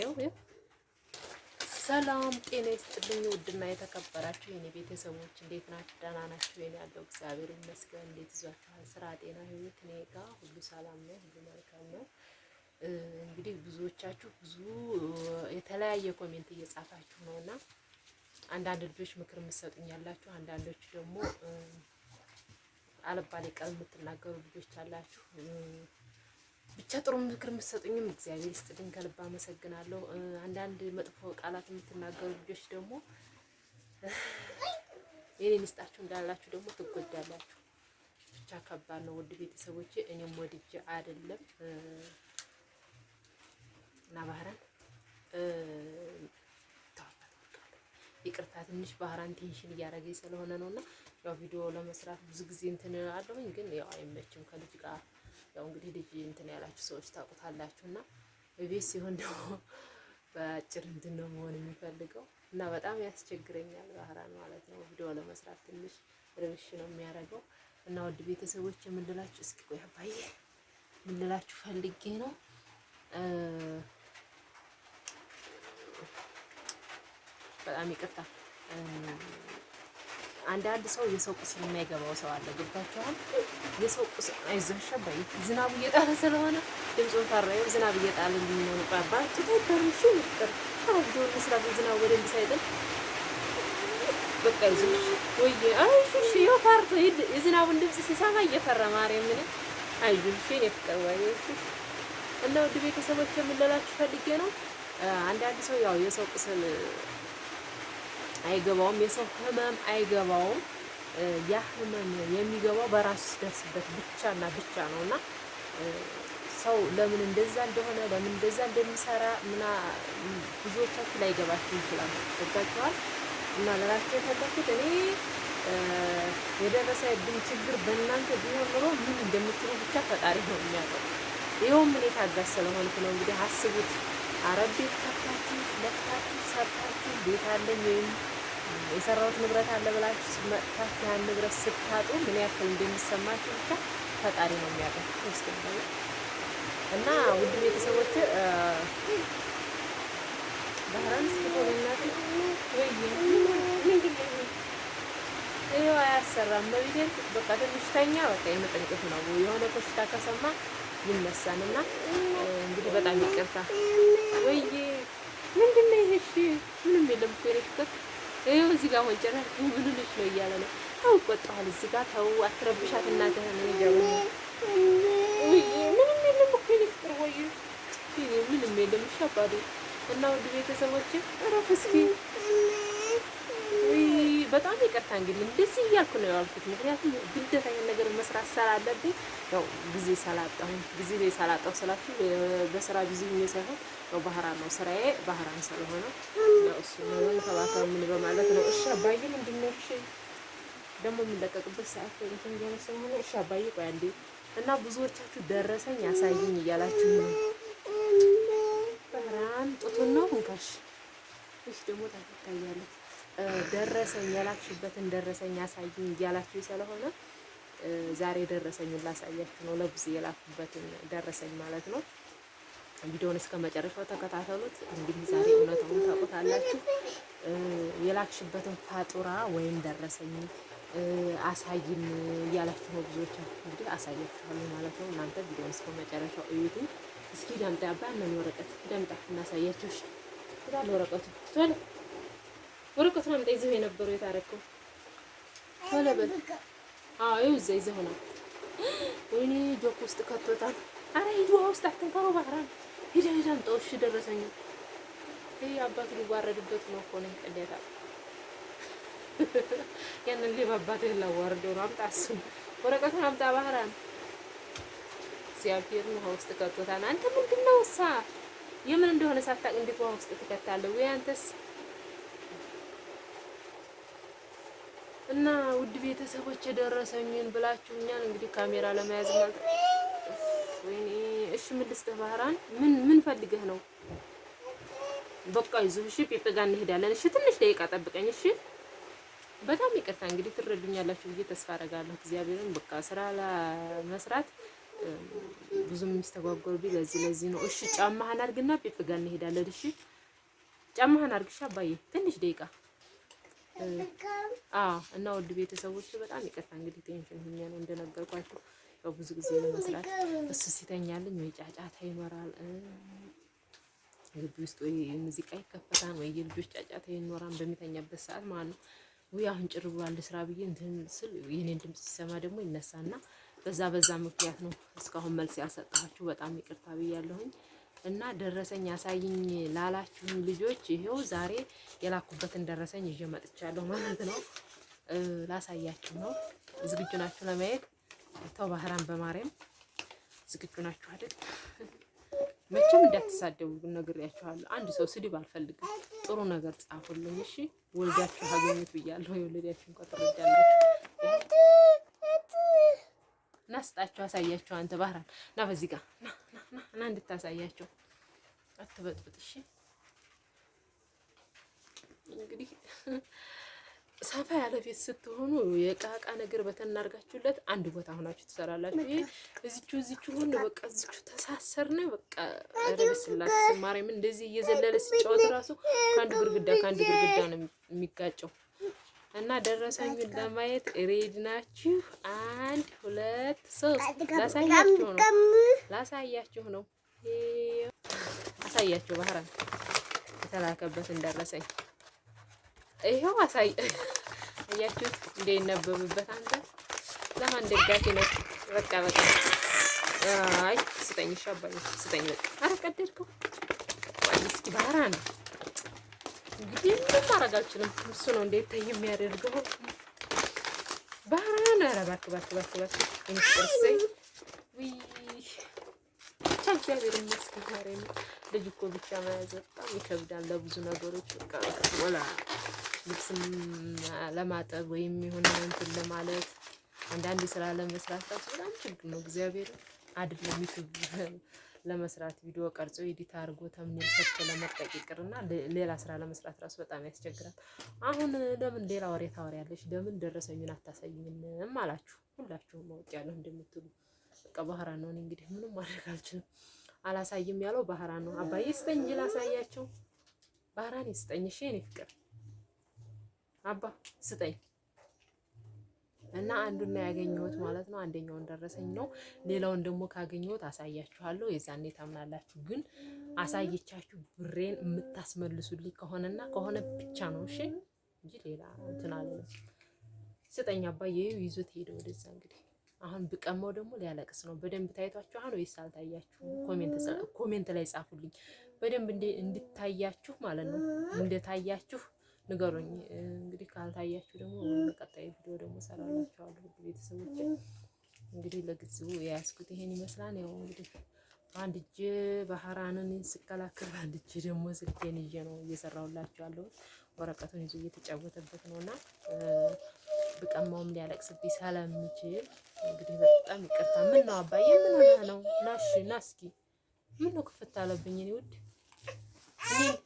ይኸው ሰላም ጤና ይስጥልኝ። ውድና የተከበራችሁ የኔ ቤተሰቦች እንዴት ናችሁ? ደህና ናችሁ? የኔ ያለው እግዚአብሔር ይመስገን። እንዴት ይዟችኋል? ስራ፣ ጤና፣ ህይወት እኔ ጋ ሁሉ ሰላም ነው፣ ሁሉ መልካም ነው። እንግዲህ ብዙዎቻችሁ ብዙ የተለያየ ኮሜንት እየጻፋችሁ ነው እና አንዳንድ ልጆች ምክር የምትሰጡኝ ያላችሁ፣ አንዳንዶች ደግሞ አልባሌ ቃል የምትናገሩ ልጆች አላችሁ። ብቻ ጥሩ ምክር የምትሰጡኝም እግዚአብሔር ይስጥልኝ፣ ከልብ አመሰግናለሁ። አንዳንድ መጥፎ ቃላት የምትናገሩ ልጆች ደግሞ የኔ ይስጣችሁ እንዳላችሁ ደግሞ ትጎዳላችሁ። ብቻ ከባድ ነው ውድ ቤተሰቦች እኔም ወድጄ አይደለም እና ባህራን ይቅርታ ትንሽ ባህራን ቴንሽን እያደረገኝ ስለሆነ ነው እና ያው ቪዲዮ ለመስራት ብዙ ጊዜ እንትን አለሁኝ፣ ግን ያው አይመችም ከልጅ ጋር ያው እንግዲህ ልጅ እንትን ያላችሁ ሰዎች ታውቁታላችሁ። እና ሲሆን ደግሞ በአጭር እንትን ነው መሆን የሚፈልገው እና በጣም ያስቸግረኛል ባህራን ማለት ነው። ቪዲዮ ለመስራት ትንሽ ርብሽ ነው የሚያደርገው። እና ውድ ቤተሰቦች የምንላችሁ እስኪ ቆይ አባዬ የምንላችሁ ፈልጌ ነው በጣም ይቅርታ አንዳንድ ሰው የሰው ቁስል የማይገባው ሰው አለ። ገብታችኋል? የሰው ቁስል አይዘሸበይ ዝናብ እየጣለ ስለሆነ ድምፁ ታራዩ ዝናብ እየጣለ የሚሆኑ ባባል ትተደርሽ ምጥር ጆን ስራ ዝናብ ወደ እንዲሳይጥል በቃ ይዙሽ ወይ አይሹሽ የፈር የዝናቡን ድምፅ ሲሰማ እየፈራ ማርያምን አይዙሽ እኔ ፍቅር ወይ እና ውድ ቤተሰቦች የምንላችሁ ፈልጌ ነው። አንዳንድ ሰው ያው የሰው ቁስል አይገባውም። የሰው ህመም አይገባውም። ያ ህመም የሚገባው በራሱ ሲደርስበት ብቻና ብቻ ነው እና ሰው ለምን እንደዛ እንደሆነ ለምን እንደዛ እንደሚሰራ ምና ብዙዎቻችሁ ገባችሁ ይችላል። ገባችኋል? እና ለራሳችሁ የፈለኩት እኔ የደረሰብኝ ችግር በእናንተ ቢሆን ኖሮ ምን እንደምትሉ ብቻ ፈጣሪ ነው የሚያውቀው። ይኸውም እኔ ታጋስ ስለሆንኩ ነው። እንግዲህ አስቡት፣ አረብ ቤት ከፍታችሁ ለፍታችሁ ሰርታችሁ ቤት አለኝ ወይም የሰራሁት ንብረት አለ ብላችሁ መጥታችሁ ያን ንብረት ስታጡ ምን ያክል እንደሚሰማችሁ ብቻ ፈጣሪ ነው የሚያውቀው። ስ እና ውድ ቤተሰቦች ባህራን ስትሆንናት ወይ አያሰራም በቪዲዮን በቃ ትንሽተኛ በቃ የመጠንቀፍ ነው የሆነ ኮሽታ ከሰማ ይነሳን እና እንግዲህ በጣም ይቅርታ ወይ ምንድን ይሄ? ምንም የለም እኮ ይኸው እዚህ ጋር ወንጀላል ምን ልጅ ነው እያለ ነው። ተው ይቆጣዋል። እዚህ ጋር ተው አትረብሻት እናትህን እያሉ ምንም የለም እኮ የእኔ ወይ ምንም የለም። ይሻባሉ እና ውድ ቤተሰቦችን እረፍ እስኪ በጣም ይቅርታ እንግዲህ እንደዚህ እያልኩ ነው ያልኩት። ምክንያቱም ግዴታ ነገር መስራት ስላለብኝ ያው ጊዜ ሰላጣሁን ጊዜ ላይ ሰላጣሁ ስላችሁ በስራ ጊዜ ሆኜ ሳይሆን ያው ባህራን ነው ስራዬ፣ ባህራን ስለሆነ ያው እሱ ነው ተባታ ምን በማለት ነው። እሺ አባዬ ምንድን ነው? እሺ ደግሞ የምንለቀቅበት ሰዓት እንትን ገለ ስለሆነ እሺ አባዬ ቆይ አንዴ እና ብዙዎቻችሁ ደረሰኝ ያሳይኝ እያላችሁ ነው። ባህራን ጥቱን ነው እንካሽ። እሺ ደግሞ ታታያለች ደረሰኝ ያላችሁበትን ደረሰኝ አሳይኝ እያላችሁ ስለሆነ ዛሬ ደረሰኙን ላሳያችሁ ነው። ለብዙ የላኩበትን ደረሰኝ ማለት ነው። ቪዲዮውን እስከ መጨረሻው ተከታተሉት። እንግዲህ ዛሬ እውነታውን ታውቁታላችሁ። የላክሽበትን ፋጡራ ወይም ደረሰኝ አሳይን እያላችሁ ነው ብዙዎቻችሁ። እንግዲህ አሳያችኋሉ ማለት ነው። እናንተ ቪዲዮውን እስከ መጨረሻው እዩት። እስኪ ደምጣ ያባ ወረቀት ደምጣ እናሳያችሁ። እሺ ወረቀቱ ወረቀቱን አምጣ። ይዘው የነበረው የታረከው ቶሎ በል። አዎ ይኸው እዛ ይዘው ነው። ወይኔ ጆክ ውስጥ ከቶታል። አረ ሂድ ውሃ ውስጥ አትንከረው። ባህራን ሂድ ሂድ አምጣው። እሺ ደረሰኝ። ይሄ አባቱ ሊዋረድበት ነው እኮ ነው ቅሌታ። ያንን ሌባ አባትህን ላዋርደው ነው። አምጣ እሱን ወረቀቱን አምጣ ባህራን። እግዚአብሔር ውሃ ውስጥ ከቶታል። አንተ ምንድን ነው እሳ የምን እንደሆነ ሳታቅ እንዴት ውሃ ውስጥ ትከታለህ? ወይ አንተስ እና ውድ ቤተሰቦች የደረሰኝን ብላችሁ እንግዲህ ካሜራ ለመያዝ ማለት እሺ ምን ልስጥህ? ባህራን ምን ምን ፈልገህ ነው? በቃ ይዞህ እሺ፣ ጴጴ ጋር እንሄዳለን። እሺ፣ ትንሽ ደቂቃ ጠብቀኝ። እሺ፣ በጣም ይቅርታ እንግዲህ ትረዱኛላችሁ ብዬ ተስፋ አደርጋለሁ። እግዚአብሔርን በቃ ስራ ለመስራት ብዙ የሚስተጓጎል ቢ ለዚህ ለዚህ ነው። እሺ፣ ጫማህን አድርግና ጴጴ ጋር እንሄዳለን። እሺ፣ ጫማህን አድርግሻ አባዬ፣ ትንሽ ደቂቃ እና ውድ ቤተሰቦች በጣም ይቅርታ እንግዲህ ቴንሽን ሁኛ ነው እንደነገርኳችሁ። ያው ብዙ ጊዜ ለመስራት እሱ ሲተኛልኝ ወይ ጫጫታ ይኖራል ግቢ ውስጥ ወይ ሙዚቃ ይከፈታል ወይ የልጆች ጫጫታ ይኖራል በሚተኛበት ሰዓት ማለት ነው። ውይ አሁን ጭር ብሏል ስራ ብዬ እንትን ስል የኔን ድምጽ ሲሰማ ደግሞ ይነሳና በዛ በዛ ምክንያት ነው እስካሁን መልስ ያልሰጠኋችሁ። በጣም ይቅርታ ብያለሁኝ። እና ደረሰኝ አሳይኝ ላላችሁኝ ልጆች ይሄው ዛሬ የላኩበትን ደረሰኝ ይዤ መጥቻለሁ ማለት ነው። ላሳያችሁ ነው። ዝግጁ ናችሁ ለማየት? ተው ባህራን በማርያም ዝግጁ ናችሁ አይደል? መቼም እንዳትሳደቡ ነግሬያችኋለሁ። አንድ ሰው ስድብ አልፈልግም። ጥሩ ነገር ጻፉልኝ እሺ። ወልዳችሁ አገኙት ብያለሁ። የወለዳችሁ እንኳን ትረዳላችሁ። ና ስጣቸው፣ አሳያቸው። አንተ ባህራን ና በዚህ ጋ ና ና ና እንድታሳያቸው አትበጥብጥ። እሺ እንግዲህ ሰፋ ያለ ቤት ስትሆኑ የቃቃ ነገር በተናርጋችሁለት አንድ ቦታ ሆናችሁ ትሰራላችሁ። ይሄ እዚቹ እዚቹ ሆነ በቃ እዚቹ ተሳሰርነ በቃ ረብስላችሁ ማርያምን እንደዚህ እየዘለለ ሲጫወት ራሱ ከአንዱ ግርግዳ ከአንዱ ግርግዳ ነው የሚጋጨው። እና ደረሰኝ ለማየት ሬድ ናችሁ? አንድ ሁለት ሶስት። ላሳያችሁ ነው ላሳያችሁ ነው አሳያችሁ። ባህራን የተላከበትን ደረሰኝ ይሄው አሳይ አያችሁ እንዴ ነበብበት አንተ ለማን ደጋፊ ነው? በቃ በቃ አይ ስጠኝ፣ ሻባኝ ስጠኝ። በቃ አረ ቀደድከው። እስኪ ባህራን እንግዲህ ምን ማድረግ አልችልም። እሱ ነው እንዴት የሚያደርገው። ባህራን ኧረ እባክህ እባክህ እባክህ እባክህ ውይ ብቻ እግዚአብሔር ይመስገን። ዛሬ ልጅ እኮ ብቻ መያዝ በጣም ይከብዳል ለብዙ ነገሮች። በቃ ወላ ልብስ ለማጠብ ወይም የሆነ እንትን ለማለት አንዳንድ ስራ ለመስራት ራሱ ችግር ነው። እግዚአብሔር አይደለም ይክብር ለመስራት ቪዲዮ ቀርጾ ኤዲት አድርጎ ተምኔል ሰርቶ ለመልቀቅ ይቅርና ሌላ ስራ ለመስራት ራሱ በጣም ያስቸግራል። አሁን ለምን ሌላ ወሬ ታወሪያለሽ? ለምን ደረሰኝን አታሳይንም አላችሁ ሁላችሁም አውቄያለሁ እንደምትሉ በቃ ባህራን ነው። እንግዲህ ምንም ማድረግ አልችልም። አላሳይም ያለው ባህራን ነው። አባዬ ስጠኝ ላሳያቸው። ባህራን ይስጠኝ። እሺ የእኔ ፍቅር አባ ስጠኝ እና አንዱና ያገኘሁት ማለት ነው። አንደኛውን ደረሰኝ ነው። ሌላውን ደግሞ ካገኘሁት አሳያችኋለሁ። የዛኔ ታምናላችሁ። ግን አሳየቻችሁ ብሬን የምታስመልሱልኝ ከሆነና ከሆነ ብቻ ነው እሺ፣ እንጂ ሌላ እንትን አለንም። ስጠኝ አባዬ ይዞት ሄደ ወደዛ እንግዲህ አሁን ብቀማው ደግሞ ሊያለቅስ ነው። በደንብ ታይቷችኋል ወይስ አልታያችሁ? ኮሜንት ላይ ጻፉልኝ። በደንብ እንድታያችሁ ማለት ነው እንደታያችሁ ንገሩኝ። እንግዲህ ካልታያችሁ ደግሞ በቀጣይ ቪዲዮ ደግሞ ሰራላችኋለሁ። ቤተሰቦች እንግዲህ ለጊዜው የያዝኩት ይሄን ይመስላል። ያው እንግዲህ አንድ እጅ ባህራንን ስከላከል አንድ እጅ ደግሞ ስልኬን ይዤ ነው እየሰራሁላችሁ ወረቀቱን ይዞ እየተጫወተበት ነው እና ብቀማውም ሊያለቅስብኝ ስለሚችል እንግዲህ በጣም ይቅርታ። ምን ነው አባዬ፣ ምን ሆነህ ነው? ናሽ ና እስኪ ምን ነው ክፍት አለብኝ እኔ ውድ